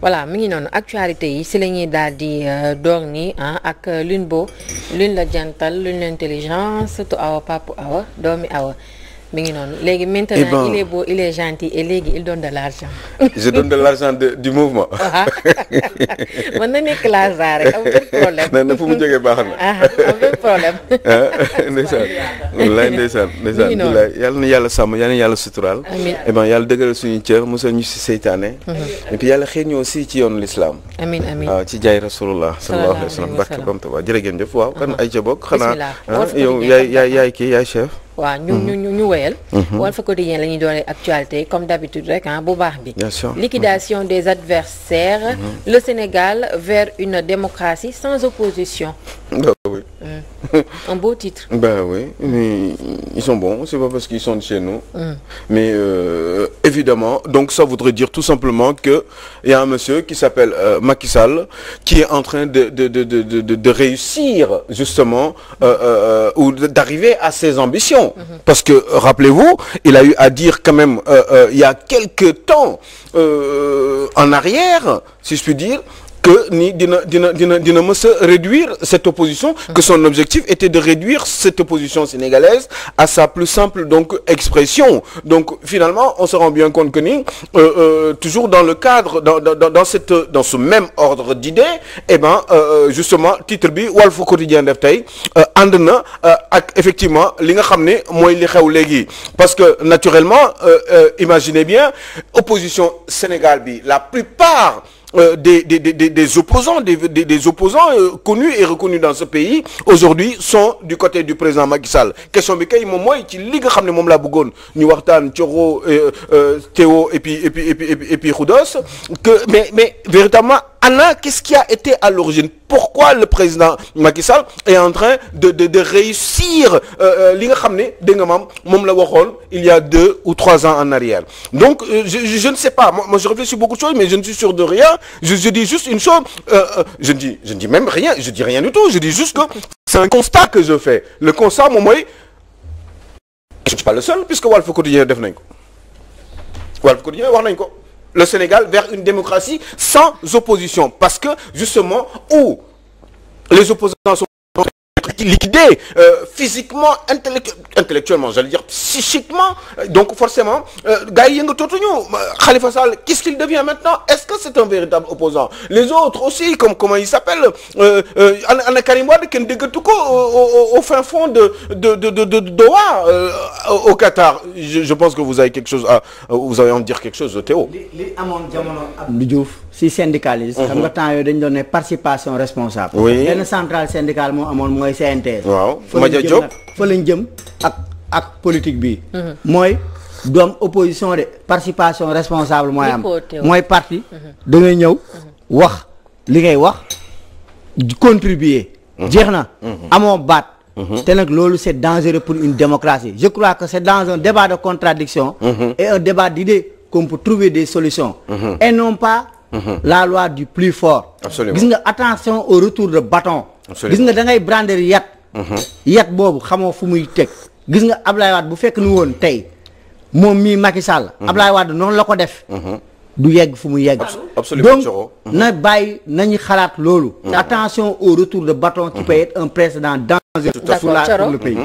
voilà mi ngi noonu actualité yi si lañuy ñuy daal di euh, door nii ah, ak euh, lune beau lune la jantal lune l'intelligence surtout awa papu awa doomi awa mi ngi noonu léegi maintenant eh bon, boo est beau il est gentil et léegi il donne de l'argent je donne de l'argent du mouvement. Ah. mën na nekk l'argent rek na na mu jógee baax na. Ah, am benn problème. Ah, ndeysaan wallaay ndeysaan ndeysaan bilaay yàlla na yàlla sàmm yàlla na yàlla suturaal. amiin eh yàlla dëgëral suñu cër musal ñu si seytaane. Mhm. et yàlla xëy ñu aussi ci yoon lislaam waaw ci jaay rasulullah sallallahu alayhi wa sallam barke bam tabax jërëjëf waaw kan ay ca bokk xanaa yaay yaay yaay chef waaw ñu mhm. ñu ñu ñu wéyal mhm. Walf Quotidien la ñuy doon actualité comme d'habitude rek ah bu baax bi liquidation des adversaires mhm. le Sénégal vers une démocratie sans opposition un beau titre. bah oui mais ils sont bons c'est pas parce qu'ils sont de chez nous. Mm. mais euh, évidemment donc ça voudrait dire tout simplement que y a un monsieur qui s'appelle euh, Macky Sall qui est en train de de de de de de réussir justement euh, euh, euh ou d'arriver à ses ambitions. Mm -hmm. parce que rappelez-vous il a eu à dire quand même euh, il y a quelque temps en arrière si je puis dire que ni dina dina dina dina mës a réduire cette opposition mmh. que son objectif était de réduire cette opposition sénégalaise à sa plus simple donc expression donc finalement on se rend bien compte que ni euh, euh toujours dans le cadre dans dans dans cette dans ce même ordre d'idées et eh ben euh, euh, justement titre bi Walf Quotidien def tey euh, ànd na ak effectivement li nga xam ne mooy li xew léegi parce que naturellement imaginez bien opposition Sénégal bi la plupart Euh, des des des des opposants des des, des opposants euh, connus et reconnus dans ce pays aujourd'hui sont du côté du président Macky Sall question bi kay moom mooy ci li nga xam ne moom laa bëggoon ñu waxtaan Thioro euh, Théo et puis et puis et puis et mais véritablement ana qu'est-ce qui a été à l'origine pourquoi le président Macky Sall est en train de de de réussir euh, euh, li nga xam ne dégg nga maam moom la waxoon il y a deux ou trois ans en arrière donc euh, je, je je ne sais pas moi, je réfléchis beaucoup de choses mais je ne suis sûr de rien je dis juste une chose euh, euh, je ne dis je ne dis même rien je dis rien du tout je dis juste que c'est un constat que je fais le constat moom mooy je suis pas le seul puisque Walf Quotidien def nañ ko Walf Quotidien wax nañ ko. le Sénégal vers une démocratie sans opposition parce que justement où les opposants liquidé euh, physiquement intellect intellectuellement j'allais dire psychiquement euh, donc forcément euh, gars yi yëngatootuñu euh, Khalifa Sall qu'est-ce qu'il devient maintenant est-ce que c'est un véritable opposant les autres aussi comme comment il s'appelle ana ana Karim Wade kenn déggatu ko au fin fond de de de de, de Doha au Qatar je, je pense que vous avez quelque chose à vous avez en dire quelque chose Théo li li amoon jamono Abdou Diouf si syndicalisme. Mhm. xam nga temps yooyu dañu doon ne participation responsable. oui benn centrale syndicale moo amoon mooy CNTS. waaw Madia Diop fa lañ jëm ak ak politique bi. Mhm. mooy doom opposition de participation responsable mooy am mooy parti. Mhm. da ngay ñëw wax li ngay wax contribuer. jeex na amoo baat. te nag loolu c'est dangereux pour une démocratie je crois que c'est dans un débat de contradiction et un débat d'idées qu'on peut trouver des solutions. et non pas Mhm. la loi du plus fort. absolument gis nga attention au retour de bâton. gis nga da ngay brander yat. Mhm. yat boobu xamoo fu muy teg. gis nga Ablaye Wade bu fekk nu woon tey moom mii Macky Sall. Mhm. Ablaye Wade noonu la ko def. du yegg fu mu yegg. donc na bàyyi nañu xalaat loolu. attention au retour de bâton. qui peut être un précédent dangereux pour le pays.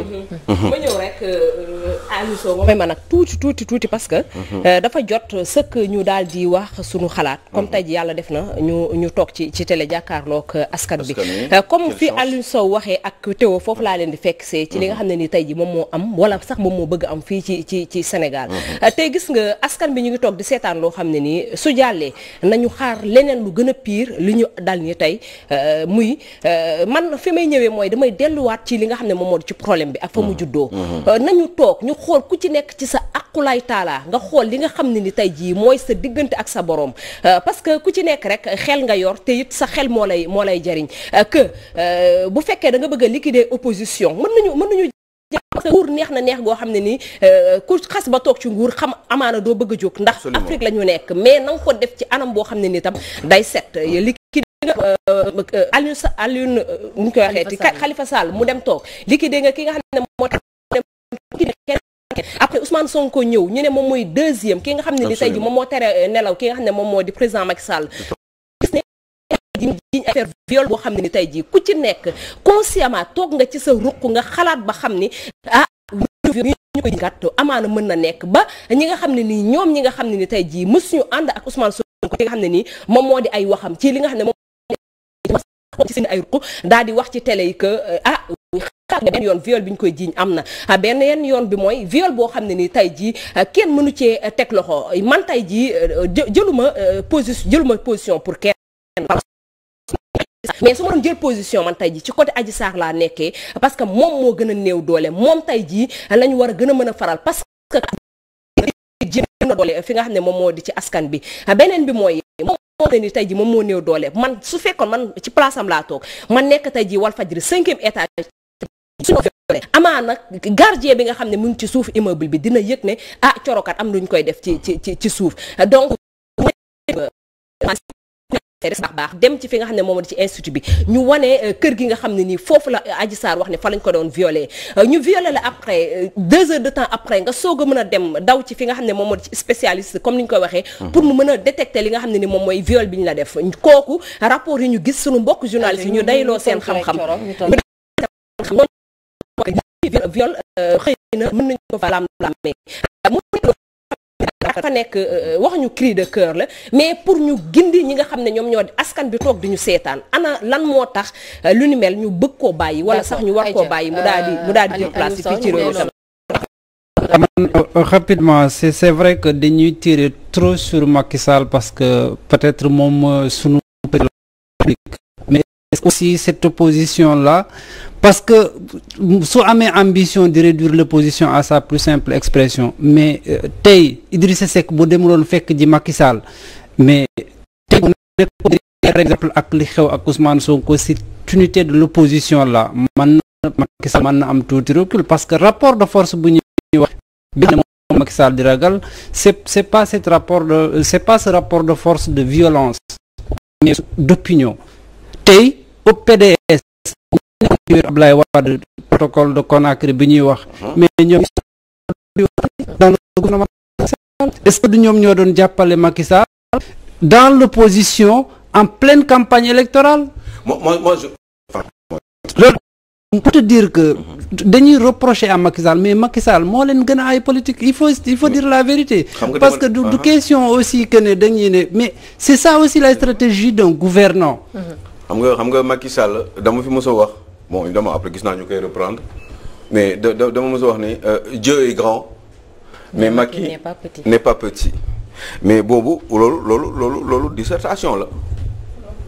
ma ñëw rek. Euh, Ah, Aliou Sow moom ma nag tuuti tuuti tuuti parce que. Mhm. Euh, dafa jot sëkk ñu daal di wax sunu xalaat. Mhm. comme tey ji yàlla def na ñu ñu toog ci ci télé jàkkaarloog euh, askan bi. Euh, comme fi Aliou Sow waxee ak Théo foofu laa leen di fekk see. ci li nga mhm. xam ne ni tey ji moom moo am wala sax moom moo bëgg am fii ci ci ci Sénégal. tey gis nga askan bi ñu ngi toog di seetaan loo xam ne nii su jàllee nañu xaar leneen lu gën a piir li ñu dal ni tey muy man fi may ñëwee mooy damay delluwaat ci li nga xam ne moom moo di ci problème bi. ak mu juddoo xool ku ci nekk ci sa aqulaay taala nga xool li nga xam ne ni tey jii mooy sa diggante ak sa borom euh, parce que ku ci nekk rek xel nga yor te it sa xel moo lay moo lay jariñ euh, que euh, bu fekkee da nga bëgg a liquider opposition mën nañu mën nañu parce que neex goo xam ne nii ku xas ba toog ci nguur xam amaana doo bëgg a jóg ndax Afrique la ñu nekk mais na nga ko def ci anam boo xam ne ni tam day set Aliou Sa Aliou nu ñu koy waxee ti Khalifa Sall mu dem toog liquide nga ki nga xam Ousmane Sonko ñëw ñu ne moom mooy deuxième ki nga xam ne ni tey ji moom moo tere eh, nelaw ki nga xam ne moom moo di président Macky Sall jiñ affaire viol boo xam ne ni tey jii ku ci nekk consciemment toog nga ci sa ruq nga xalaat ba xam ni ah ñu koy gàtt amaana mën na nekk ba ñi nga xam ne nii ñoom ñi nga xam ne ni tey jii mësuñu ànd ak Ousmane Sonko li nga xam ne nii moom moo di ay waxam ci li nga xam ne moom ci seen ay ruq daal di wax ci télé yi que eh, ah xaar nga yoon viol bi koy jiiñ am na ah, beneen yoon bi mooy viol boo xam ne ni tey jii ah, kenn mënu cee ah, teg loxo man tey jii jëluma position jëluma position pour kenn mais su ma doon jël position man tey jii ci côté Adji Sarr laa nekkee parce que moom moo gën a néew doole moom tey jii la ñu war a gën a mën a faral parce que na doole fi nga xam ne moom moo di ci askan bi beneen bi mooy moom ne ni tey jii moom moo néew doole man su fekkoon man ci place am toog man nekk tey jii Walfadjri cinquième étage suñu amaa nag gardien bi nga xam ne mu ngi ci suuf immeuble bi dina yëg ne ah corokat am ñu koy def ci ci ci ci suuf donc baax baax dem ci fi nga xam ne moom ci institut bi ñu wane euh, kër gi nga xam ne nii foofu la euh, Adji Sarr wax ne fa lañ ko doon violé euh, ñu violé la après deux heures de temps après nga soog a mën a dem daw ci fi nga xam ne moom ci spécialiste comme ni ñu koy waxee hmm. pour mu mën a détecter li nga xam ne ni moom mooy viol bi ñu la def kooku rapport yi ñu gis suñu mbokk journaliste yi ñu dayloo seen xam-xam mooy viol euh, xëy na mën nañu ko fa ah, nekk euh, wax ñu cri de cœur la mais pour ñu gind ñi nga xam ne ñoom ñoo askan bi toog di ñu seetaan ana lan moo tax euh, lu ni mel ñu bëgg koo bàyyi wala sax ñu war koo bàyyi mu daal di mu daal di jël ci réew mi rapidement c'est vrai que dañuy tiire trop sur Macky Sall parce que peut moom sunu aussi cette position la parce que su amee ambition de réduire l'opposition à sa plus simple expression mais euh, tey Idrissa Seck bu demuloon fekk ji Macky Sall mais tey bu nekk par exemple ak li xew ak Ousmane Sonko si unité de l'opposition là man na Macky Sall mën na am tuuti recul parce que rapport de force bu ñuy wax bi moom Macky di ragal c'est c'est pas cet rapport de c'est pas ce rapport de force de violence mais d'opinion tey au PDS protocole de Conakry bi ñuy wax uh-huh. mais ñoom dans le que du ñoom ñoo doon jàppale Macky Sall dans l'opposition en pleine campagne électorale moi, moi, moi, dire que uh-huh. dañuy reprocher à Macky mais Macky moo leen gën ay politique il faut il faut mmh. dire la vérité parce que du uh-huh. question aussi que ne dañuy ne mais c'est ça aussi la stratégie d'un gouvernant xam nga xam nga Macky Sall dama fi mos wax bon évidemment après gis naa koy reprendre mais da dama mos a wax ni euh, Dieu mais Macky n'est pas petit mais boobu loolu loolu loolu loolu dissertation la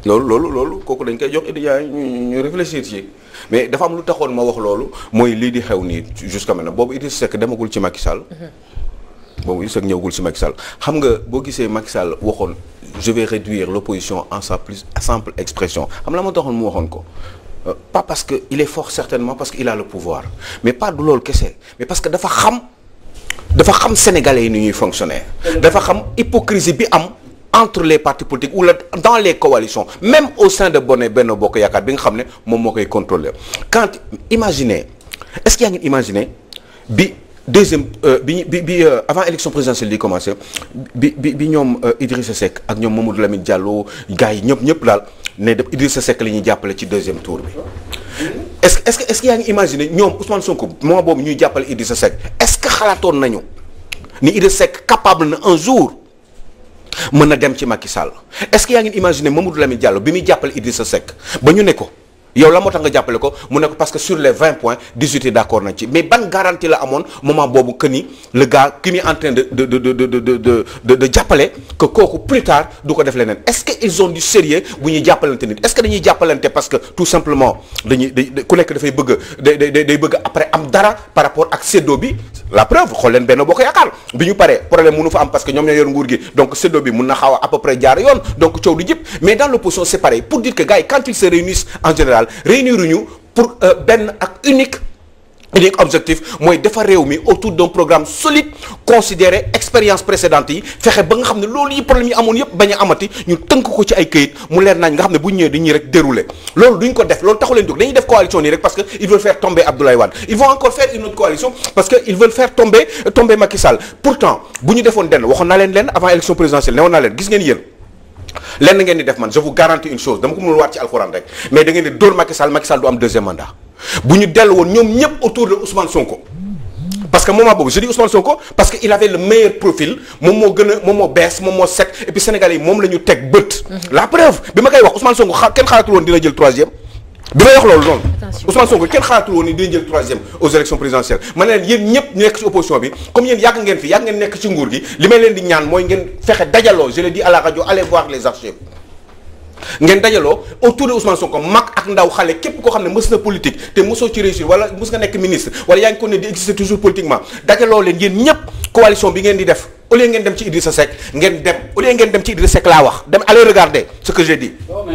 loolu loolu loolu kooku dañ koy jox étudiants ñu ñu réfléchir mais dafa am lu taxoon ma wax loolu mooy lii di xew nii jusqu'à maintenant boobu Idrissa Seck demagul ci Macky Sall. Mhm. boobu Idrissa Seck ñëwagul ci Macky xam nga boo gisee Macky Sall waxoon. je vais réduire l'opposition en sa plus simple expression xam la ma taxoon mu waxoon ko euh, pas parce que il est fort certainement parce qu'il a le pouvoir mais pas du loolu kese mais parce que dafa xam dafa xam sénégalais yi ni ñuy fonctionner dafa xam hypocrisie bi am entre les partis politiques ou dans les coalitions même au sein de Bonne Benno Bokk Yaakaar bi nga xam ne moom moo koy contrôler quand imaginez est-ce que yaa ngi imaginer bi deuxième euh, bi bi bi euh, avant élection présidentielle di commencé bi bi bi ñoom euh, Idrissa Seck ak ñoom moom Mamadou Lamine Diallo gars yi ñëpp ñëpp daal ne def Idrissa Seck la ñuy jàppale ci deuxième tour bi est-ce que est-ce que yaa ngi imaginer ñoom Ousmane Sonko moment boobu ñuy jàppale Idrissa Seck est-ce que xalaatoon nañu ni Idrissa Seck capable na un jour mën a dem ci Macky Sall est-ce que yaa ngi imaginer Mamadou Lamine Diallo bi muy jàppale sa Seck ba ñu ne ko. yow la moo tax nga jàppale ko mu ne ko parce que sur les 20 points 18 yi d' accord nañ ci mais ban garantie la amoon moment boobu que ni le gars ki muy en train de de de de de de de jàppale que kooku plus tard du ko def leneen est ce que ils ont du sérieux bu ñuy jàppalante nit est ce que dañuy jàppalante parce que tout simplement dañuy ku nekk dafay bëgg day bëgg après am dara par rapport ak séddoo bi la preuve xool leen benn boo ko yaakaar bi ñu paree Sénégal réunir ñu pour euh, benn ak unique unique objectif mooy defar réew mi autour d'un programme solide considéré expérience précédente yi fexe ba nga xam ne loolu yi problème yi amoon yëpp bañ a amati ñu tënk ko ci ay këyit mu leer nañ nga xam ne bu ñu ñëwee dañuy rek dérouler loolu duñ ko def loolu taxu leen dañuy def coalition nii rek parce que ils veulent faire tomber Abdoulaye Wade ils vont encore faire une autre coalition parce que ils veulent faire tomber tomber lenn ngeen di def man je vous garantis une chose dama ko mënul waat ci alxuraan rek mais da di dóor Macky Sall du am deuxième mandat bu ñu dellu woon ñoom ñëpp autour de Ousmane Sonko. parce que moment boobu je dis Ousmane Sonko parce que il avait le meilleur profil moom moo gën a moom moo bees moom moo set et puis yi moom la ñu teg bët. Mm-hmm. la preuve bi ma koy wax Ousmane Sonko xa kenn xaaratul woon dina jël troisième. bi may wax loolu noonu. Ousmane Sonko kenn xalaatul woon ni day jël troisième aux élections présidentielles ma leen yéen ñëpp nekk ci opposition bi comme yéen yàgg ngeen fi yàgg ngeen nekk ci nguur gi li may leen di ñaan mooy ngeen fexe dajaloo je l'ai dit à la radio allez voir les archives ngeen dajaloo autour de Ousmane Sonko mag ak ndaw xale képp koo xam ne mës na politique te mësoo ci réussir wala mës nga nekk ministre wala yaa ngi ko ne di exister toujours politiquement dajaloo ngeen di def. au lieu ngeen dem ci Idrissa Seck ngeen dem au lieu ngeen dem ci Idrissa Seck laa wax dem allez regarder ce que j'ai dit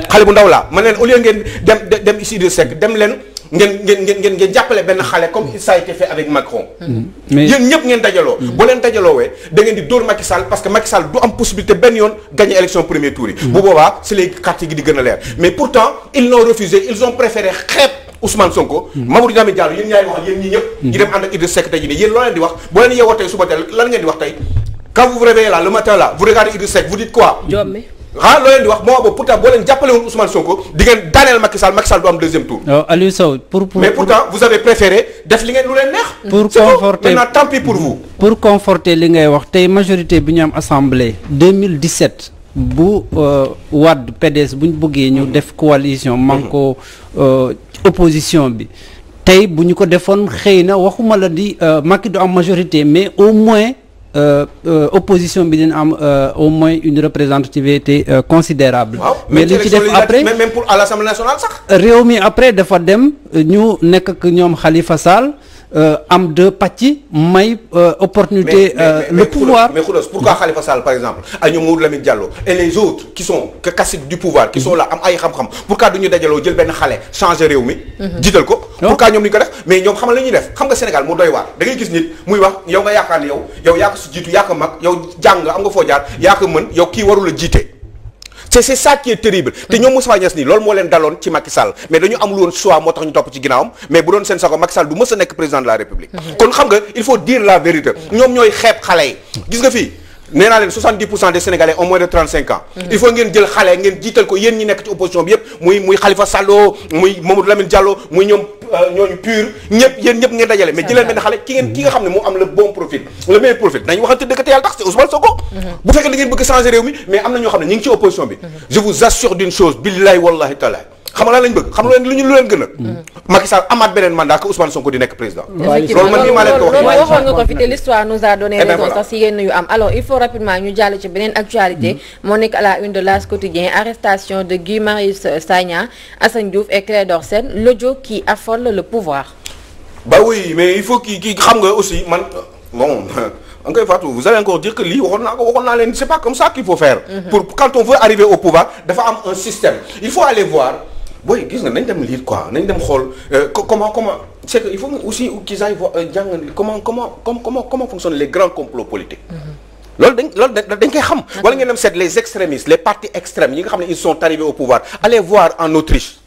xale bu ndaw laa man leen au lieu ngeen dem dem ci Idrissa Seck dem leen ngeen ngeen ngeen ngeen jàppale xale comme ça a été fait avec Macron. Mm-hmm. ngeen dajaloo. Mm-hmm. boo leen dajaloowee da ngeen di dóor Macky Sall que Macky Sall du mm-hmm. bu boobaa si les cartes gi di gën a mais pourtant ils l'ont refusé ils ont préféré xeeb. Ousmane Sonko. Mamadou Diame Diallo yéen ñaari wax yéen ñi ñëpp. nii yéen loo leen di wax quand vous vous réveillez là le matin là vous regardez Idriss Seck vous dites quoi. Jommi. ah loo leen di wax moo boobu pourtant boo leen jàppale woon Ousmane Sonko di ngeen daaneel Macky Sall Macky Sall du am deuxième tour. Euh, Aliou Sow pour def li ngeen lu leen neex. Mm-hmm. pour conforter maintenant tant pis pour vous. pour li ngay wax tey majorité bi ñu am assemblée. 2017. bu euh, wadd PDS bu ñu bëggee ñu mm-hmm. def coalition mm-hmm. manko euh, opposition bi tey bu ñu ko defoon xëy na waxuma la di Macky du am majorité mais au moins. Euh, euh, opposition bi dina am euh, au moins une représentativité considérable mais li ci def après même pour à l'Assemblée nationale réew mi après dafa dem ñu nekk ak ñoom xalifa Sall Euh, am deux pàcc may euh, opportunité. Euh, le pouvoir mais Khoulos pourquoi Khalifa saal par exemple ak ñoom Mamadou Lamine Diallo et les autres qui sont que caciques du pouvoir qui sont là am ay xam-xam pourquoi du ñu dajaloo jël benn xale changer réew mi. Mhm. jiital ko. pourquoi ñoom ñu ko def mais ñoom xamal la ñuy def xam nga Sénégal mu doy waar da ngay gis nit muy wax yow nga yaakaar ne yow yow yaa ko si jiitu yaa ko mag yow jàng nga am nga foo jaar yaa ko mën yow kii warul a jiite. c'est c'est ça qui est terrible te ñoom Moustapha Niasse nii loolu moo leen daloon ci Macky Sall mais dañu amul woon choix moo tax ñu topp ci ginnaawam mais bu doon seen sago Macky Sall du mës a nekk président de la République mm-hmm. kon xam nga il faut dire la vérité ñoom ñooy xeeb xale yi gis nga fii nee naa leen 70 pour cent des sénégalais ont moins de 35 ans. Mm-hmm. il faut ngeen jël xale ngeen jiital ko yéen ñi nekk ci opposition bi yëpp muy muy Khalifa Sallo muy Mamadou Lamine Diallo muy ñoom euh, ñooñu pur ñëpp yéen ngeen dajale mais jëleen benn xale ki ngeen ki mm-hmm. xam ne moo am le bon profil le meilleur profil nañu waxante dëgg te yàlla tax c'est Ousmane Sonko mm-hmm. bu fekkee da ngeen bëgg mi mais am na ñoo xam ne ñu ngi ci opposition bi xam nga lan lañ bëgg xam nga lu ñu lu leen gën a. Mm. Macky amaat beneen mandat que Ousmane Sonko di nekk président. Mm. loolu man nii maa leen ko wax. nga ko fi te l'histoire nous a donné eh raison sax si yenn yu am alors il faut rapidement ñu jàll ci beneen actualité. Mm. moo nekk la une de l'As quotidien arrestation de Guy Marius Sagna Assane Diouf et Clédor Sène l'audio qui affole le pouvoir. bah oui mais il faut kii kii xam nga aussi man euh, bon. Encore Fatou vous allez encore dire que lii leen c'est pas mm-hmm. am un système il faut aller booy gis nga nañ dem lire quoi nañ dem xool euh, comment comment c' est que il faut aussi qu'ils aillent voir euh, jàng comment comment comment les grands complots politiques. Mm-hmm. loolu dañ loolu dañ xam. wala ngeen dem seet les extrémistes les partis extrêmes yi nga xam ne ils sont arrivés au pouvoir allez voir en Autriche.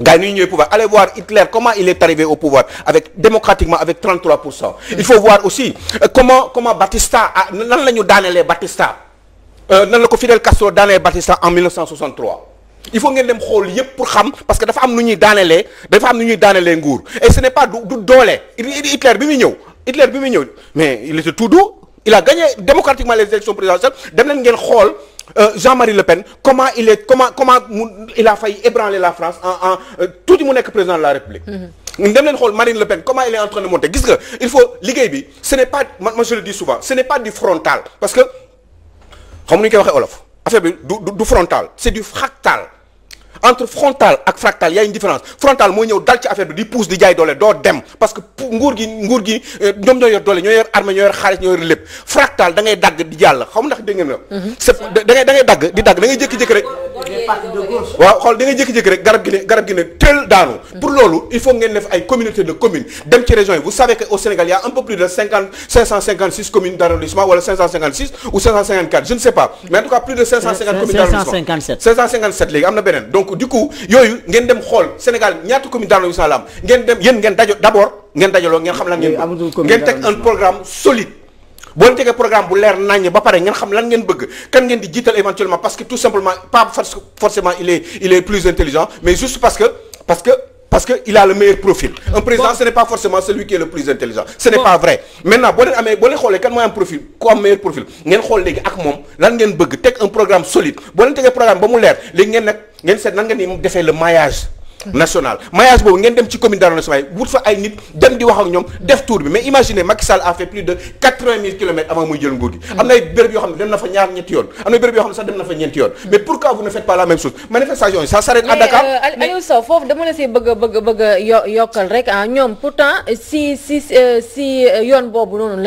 gars yi ñuy ñëwee pouvoir allez voir Hitler comment il est arrivé au pouvoir démocratiquement avec il faut voir aussi euh, comment Batista nan la ñu daanelee Batista. nan la ko Fidel Castro daanee Batista en 1963. il faut ngeen dem xool yëpp pour xam parce que dafa am nu ñuy daanelee dafa am nu ñuy daanelee nguur et ce n'est pas du du doole Hitler bi muy ñëw Hitler bi muy ñëw mais il était tout doux il a gagné démocratiquement les élections présidentielles dem leen ngeen xool euh, Jean-Marie Le Pen comment il est comment comment il a failli ébranler la France en en euh, tuuti mu nekk président de la République. Mm-hmm. dem leen xool Marine Le Pen comment elle est en train de monter gis nga il waxee olof. affaire bi du du frontal c'est du fractal entre frontal ak fractal y a une différence frontal mooy ñëw dal ci affaire bi di pousse di jaay doole doo dem parce que nguur gi nguur gi euh, ñoom ñoo yor doole ñoo yor armée ñoo yor xaalis ñoo yor lépp fractal da dagg di jàll xaw ma ndax dégg ngeen la. Mhm. c'est da ngay da ngay dagg di dagg da ngay jékki rek. waaw xool di nga jékki-jékki rek garab gi ne garab gi ne teel daanu mm. pour loolu il faut ngeen def ay communauté de communes dem ci région yi vous que au Sénégal y a un peu plus de cinquante cinq cent cinquante six communes d'arrondissement wala cinq ou je ne sais pas mais en plus de cinq cent cinquante sept léegi am na beneen donc du coup yooyu ngeen dem xool Sénégal ñaata communes d'arrondissement la am ngeen dem yéen ngeen dajo d'abord ngeen boo tegee programme bu leer naññ ba pare ngeen xam lan ngeen bëgg kan ngeen di jiital éventuellement parce que tout simplement pas forcément il est il est plus intelligent mais juste parce que parce que il a le meilleur profil. un président ce n'est pas forcément celui qui est le plus intelligent. ce n'est pas vrai maintenant boo leen amee boo kan mooy am profil ku am meilleur profil ngeen xool léegi ak moom lan ngeen bëgg teg un national maillage boobu ngeen dem ci commune d' arrondissement yi wut fa ay nit dem di wax ñoom def tour bi mais imaginez Macky Sall a plus de kilomètres avant muy jël nguur gi. am na ay béréb yoo xam ne dem na fa ñaar ñetti yoon am na béréb yoo xam ne sax dem na fa ñeenti yoon. mais pourquoi vous ne faites pas la même chose manifestation yi ça s'arrête à Dakar. mais euh, Aliou Sow foofu dama la see bëgg bëgg yokkal rek ah ñoom pourtant si si si euh, euh, yoon boobu noonu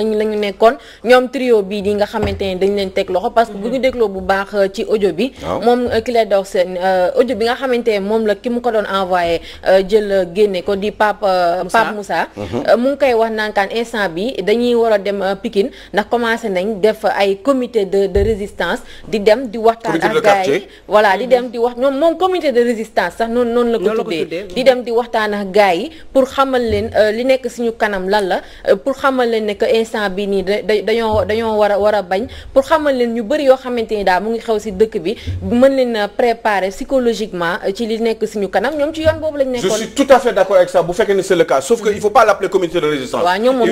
waaye euh, jël euh, génne ko di Pape euh, Pape Moussa mhm. mu ngi koy wax naankaan instant bi dañuy war dem Pikine ndax commencé nañ def ay comité de de résistance di dem di waxtaan ak gars yi voilà di mhm. dem di wax ñoom moom comité de résistance sax noonu noonu la ko di mhm. dem di waxtaan ak gars yi pour xamal leen li nekk suñu kanam lan la pour xamal leen ne que instant bi nii da dañoo dañoo war a war a bañ pour xamal leen ñu bëri yoo xamante ni daal mu ngi xew si dëkk bi mën leen préparer psychologiquement ci li nekk suñu kanam ñoom ci yoon boobu lañ nekkoon je suis tout à fait d'accord avec ça bu fekkee ne c'est le cas sauf que faut pas l'appeler communauté de résistance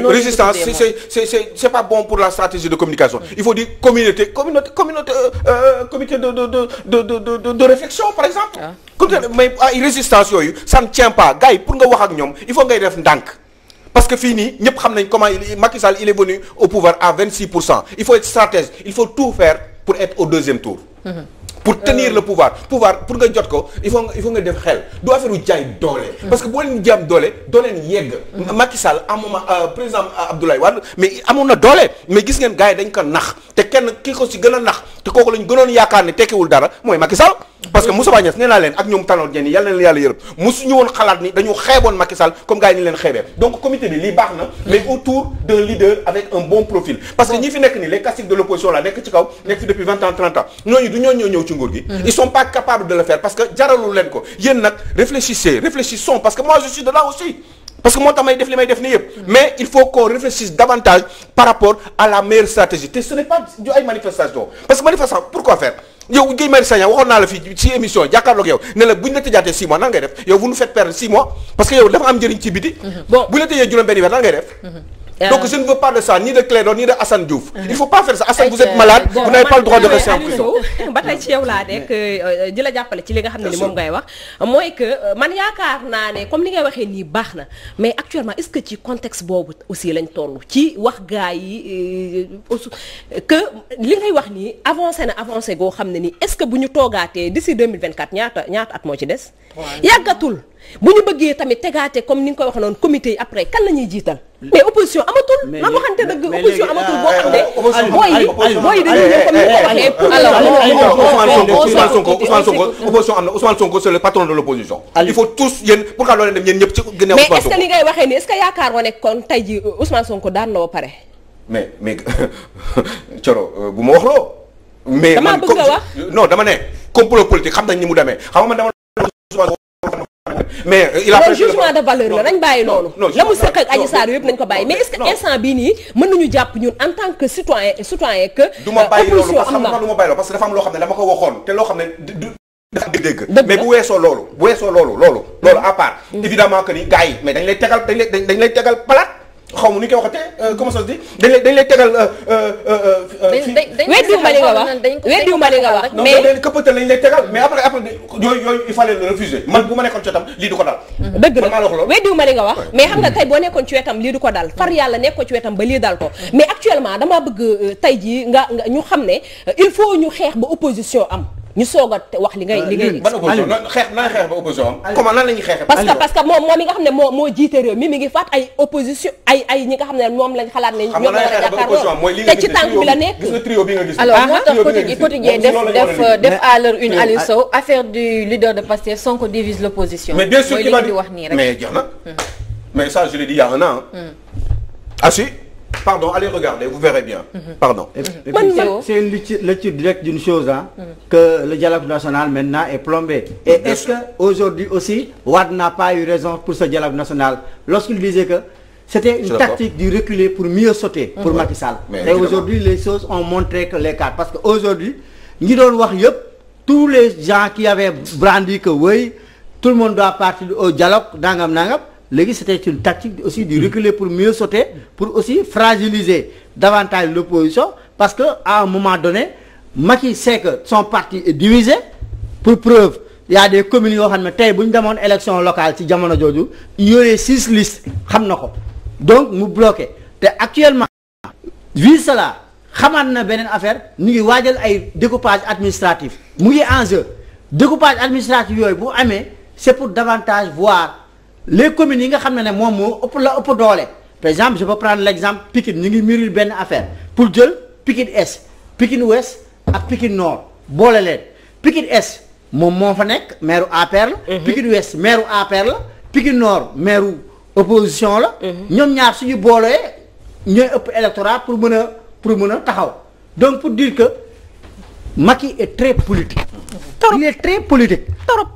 résistance c'est pas bon pour la stratégie de communication mm. il faut dire communauté communauté communauté euh, euh, comité de de de de de par exemple ah. ah, résistance yooyu ça ne tient pas gars pour nga wax ak il faut ngay def ndànk parce que fii nii ñëpp xam nañ comment Macky Sall il est venu au pouvoir à pour tenir euh. la pouvoir pouvoir pour nga jot ko il faut il faut nga def xel du affaire u jaay doole hmm. parce que boo leen jaam doole doo leen yegg hmm. Macky Sall amoon euh, président euh, Abdoulaye Wade mais amoon na doole mais gis ngeen gars yi dañ ko nax te kenn ki ko si gën a nax te kooku lañ gënoon yaakaar ne tekkiwul dara mooy Macky Sall parce que Moustapha Niasse nee naa leen ak ñoom tanoor ñenn yàlla na yàlla yërëm mosuñu woon xalaat ni dañu xeeboon Macky comme gars yi ni leen xeebee donc comité bi lii baax na mais autour d'un leader avec un bon profil parce que ñi fi nekk nii les caciques de l'opposition là nekk ci kaw nekk fi depuis 20 ans 30 ans du ñooñu ñëw ci nguur gi mm-hmm. ils sont pas capables de le faire parce que jaralul leen ko yéen nag réfléchissez réfléchissons yow Guy Marius Sagna waxoon naa la fii ci émission jàkkaarloog yow ne la bu ñu la tëjaatee 6 mois ngay def yow vous nous faites perdre 6 mois yow dafa am njëriñ ci biti. bon bu ñu la tëjee juróom benn weer nan ngay def. Mm-hmm. Euh, donc je ne veux pas de ça ni de Clédor ni de Assane Diouf. Euh, il faut pas faire ça Assane vous êtes euh, malade. vous n'avez pas droit de rester en ba tey ci yow laa nekk di la jàppale ci li nga xam ne ni moom ngay wax. mooy que man yaakaar naa ne comme li ngay waxee nii baax na mais actuellement est-ce que ci contexte boobu aussi lañ toll ci wax gaa yi que li ngay wax nii avancé na avancé goo xam ne nii est-ce que bu ñu toogaatee d'ici 2024 ñaata ñaata at moo ci des. yàggatul bu ñu bëggee tamit tegaate comme ni nga comité après kan la ñuy jiital. mais opposition amatul. nan waxante dëgg opposition amatul euh, boo xam ne. mooy euh, yi mooy Sonko Ousmane na Ousmane Sonko c'est le patron de l'opposition. il faut tous yéen pour que loolee dem yéen ñëpp mais est li ngay waxee nii est que yaakaar nga kon tey jii euh, Ousmane Sonko daan na ba pare. mais mais Thioro bu ma wax loo. mais man dama bëgg a wax non dama ne complot politique xam nañ ni mu demee xam ma man dama. mais euh, il a loolu jugement de valeur la nañ bàyyi noonu la mu sëq ak Adji Sarr yëpp nañ ko bàyyi mais est instant bii nii mën nañu jàpp ñun en tant que citoyen citoyen que du euh, bàyyi loolu parce que dafa am loo xam ne dama ko waxoon te loo xam ne dafa dégg mais bu weesoo loolu bu weesoo loolu loolu loolu à part mm. évidemment que ni mais dañ lay tegal dañ lay tegal palaat xaw ma nu ñu koy te euh, comment ça se dit dañ lay dañ lay tegal. Euh, euh, weddiwuma li nga wax weddiwuma li nga wax mais non dañ këppatal ma ko dal. dëgg la li nga wax mais xam nga tey boo nekkoon ci wetam lii du ko dal far yàlla nekkoon ci wetam ba lii dal ko mais actuellement dama bëgg tey jii nga ñu xam ne il faut ñu xeex ba opposition am ñu soog a wax li ngay li ngay. ban opposition xeex xeex ba opposition parce que parce que moom moom mi nga xam ne moo jiite réew mi mi ngi faat ay opposition ay ay ñi nga xam ne moom lañ xalaat ne. ñoom la war a jàkkaarloo te ci tànk bi la nekk. gis ah, moo tax quotidien quotidien def def def à une Aliou affaire du leader de Pastef Sonko divise l'opposition. mooy li di wax nii rek pardon allez regarder vous verrez bien. Mhm. pardon. Mhm. c'est une lecture directe d'une chose ah. que le dialogue national maintenant est plombé. et est-ce que aujourd'hui aussi Wade n'a pas eu raison pour ce dialogue national lorsqu'il disait que. C'était une tactique du reculer pour mieux sauter pour ouais. Macky Mais et aujourd'hui les choses ont montré que l'écart parce que aujourd'hui ñi doon wax yëpp tous les gens qui avaient brandi que oui tout le monde doit partir léegi c'était une tactique aussi de reculer pour mieux sauter pour aussi fragiliser davantage l'opposition parce que en moment donné Macky sait que son parti est divisé pour preuve y a des communes yoo xam ne tey bu ñu demoon élection locale ci jamono jooju yooyu six listes xam na ko donc mu bloqué te actuellement vu la xamaat na beneen affaire ñu ngi waajal ay découpage administratif mu ngi en jeu découpage administratif yooyu bu amee c'est pour davantage voir les communes yi nga xam ne ne moom moo ëpp la ëpp doole par exemple je peux prendre l' exemple ñu ngi mûrir benn affaire pour jël Pikine Est Pikine Ouest ak Pikine noor boole leen Pikine Est moom moo fa nekk maire APR la. Mhm. Pikine Ouest maire APR la. Pikine Nord maire opposition la. Mhm. ñoom ñaar suñu boolee ñooy ëpp électorat pour mën a pour mën a taxaw donc pour dire que Macky est très politique. trop il est politique. trop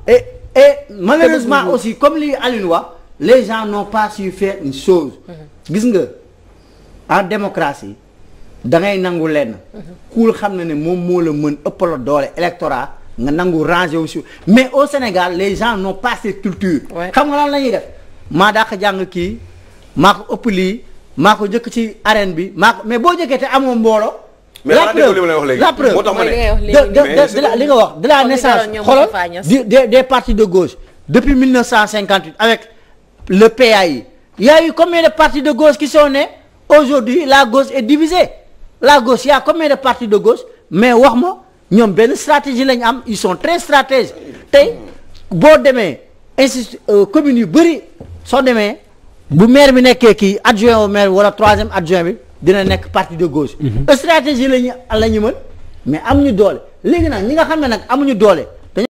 et malheureusement aussi comme lii Aline wax les gens n'ont pas yu faire une chose gis nga en démocratie da ngay nangu lenn kuul xam na ne moom moo la mën ëpp la doole électorat nga nangu rangé wu si mais au Sénégal les gens n'ont pas cette culture xam nga lan la ñuy def maa dàq jàng kii maa ko ëpp lii maa ko jëkk ci arène bi maa ko mais boo jëkkee te amoo mbooloo la preuve la preuve moo tax ma ne li nga wax de la naissance xoolal des des partis de gauche depuis 1958 avec le PAI il y a eu de partis de gauche qui sont nés aujourd'hui la gauche est divisée la gauche y a de partis de gauche mais wax ma ñoom benn stratégie lañu am ils sont très stratèges tey boo demee insiste euh, communes yu bëri soo demee bu maire bi nekkee kii adjoint au maire wala troisième adjoint bi dina nekk parti de gauche. Mhm. stratégie la ñu la ñu mën mais am ñu doole léegi nag ñi nga xam ne nag amuñu doole.